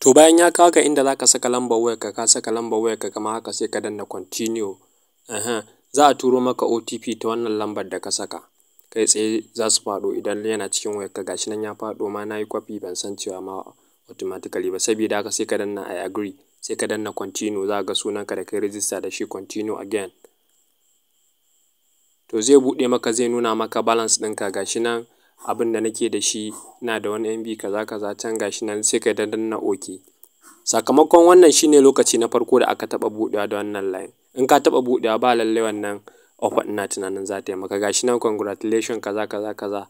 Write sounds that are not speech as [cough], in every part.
To bayan ya kawo ka inda za ka saka lambar wayarka, ka saka lambar ka kamar haka sai ka danna continue. Ehen, za a turo maka OTP ta wannan lambar da ka saka. Kai tsaye za su faɗo idan yana cikin wayarka. Gashi nan ya fado ma yi kwafi ban san cewa ma automatically ba. saboda haka sai ka danna I agree, sai ka danna continue. Za ka ga sunanka da kai register da shi continue again. To zai buɗe maka, zai nuna maka balance ɗinka. Gashi nan. abin da nake da shi, ina da wani MB kaza kaza can gashi nan sai ka danna OK. Sakamakon wannan shine lokaci na farko da aka taba budewa da wannan line. In ka taba budewa ba lalle wannan offer ina tunanin za ta yi maka gashi nan congratulation kaza kaza kaza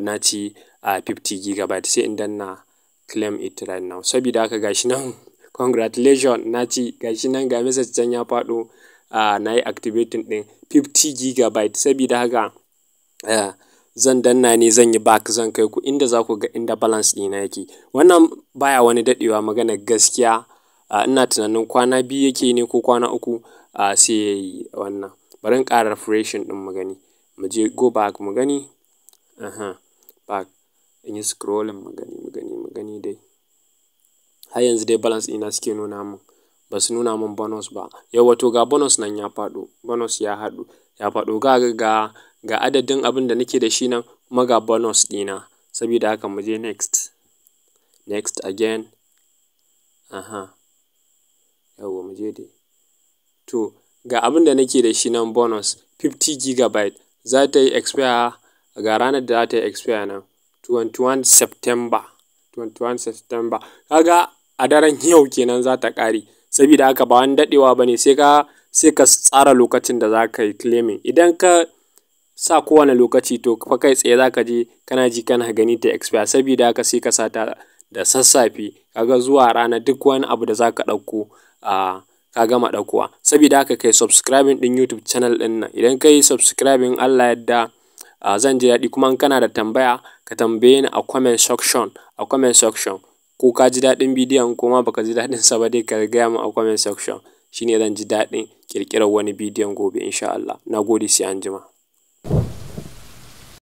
na ci a 50 gigabyte sai in danna claim it right now. Sabida haka gashi nan [laughs] congratulation na ci gashi nan ga message can ya fado a na yi activating din 50 gigabyte sabida haka zan danna ne zan yi back zan kai ku inda za ku ga inda balance ɗina yake. Wannan baya wani daɗewa magana gaskiya. Ah, ina tunanin kwana biyu yake ne ko kwana uku ah, sai yi wannan. Bari in ƙara refreshin ɗin mu gani. Mu je go back mu gani. Aha back. In yi scrolling mu gani, mu gani, mu gani dai. Har yanzu dai balance ɗina suke nuna mun. Ba su nuna mun bonus ba. yau wato ga bonus nan ya faɗo. Bonus ya haɗu, ya faɗo. Ga ga ga ga adadin abin da nake da shi nan kuma ga bonus ɗina sabida haka mu je next next again aha yauwa mu je dai to ga abin da nake da shi nan bonus 50 gigabyte za ta yi expire ga ranar da za ta yi expire nan 21 September 21 September kaga a daren yau kenan za ta ƙare sabida haka ba wani daɗewa ba ne sai ka sai ka tsara lokacin da za ka yi claiming idan ka sa kowane lokaci to fa kai tsaye zaka je kana ji kana gani ta expire saboda haka sai ka sata da sassafe kaga zuwa rana duk wani abu da zaka ɗauko a ka gama daukowa saboda haka kai subscribing din YouTube channel ɗin nan idan kai subscribing Allah yadda zan ji daɗi kuma in kana da tambaya ka tambaye ni a comment section a comment section ko ka ji daɗin bidiyon ko ma baka ji daɗin sa ba dai ka gaya mu a comment section shine zan ji daɗin ƙirƙirar wani bidiyon gobe insha Allah nagode sai anjima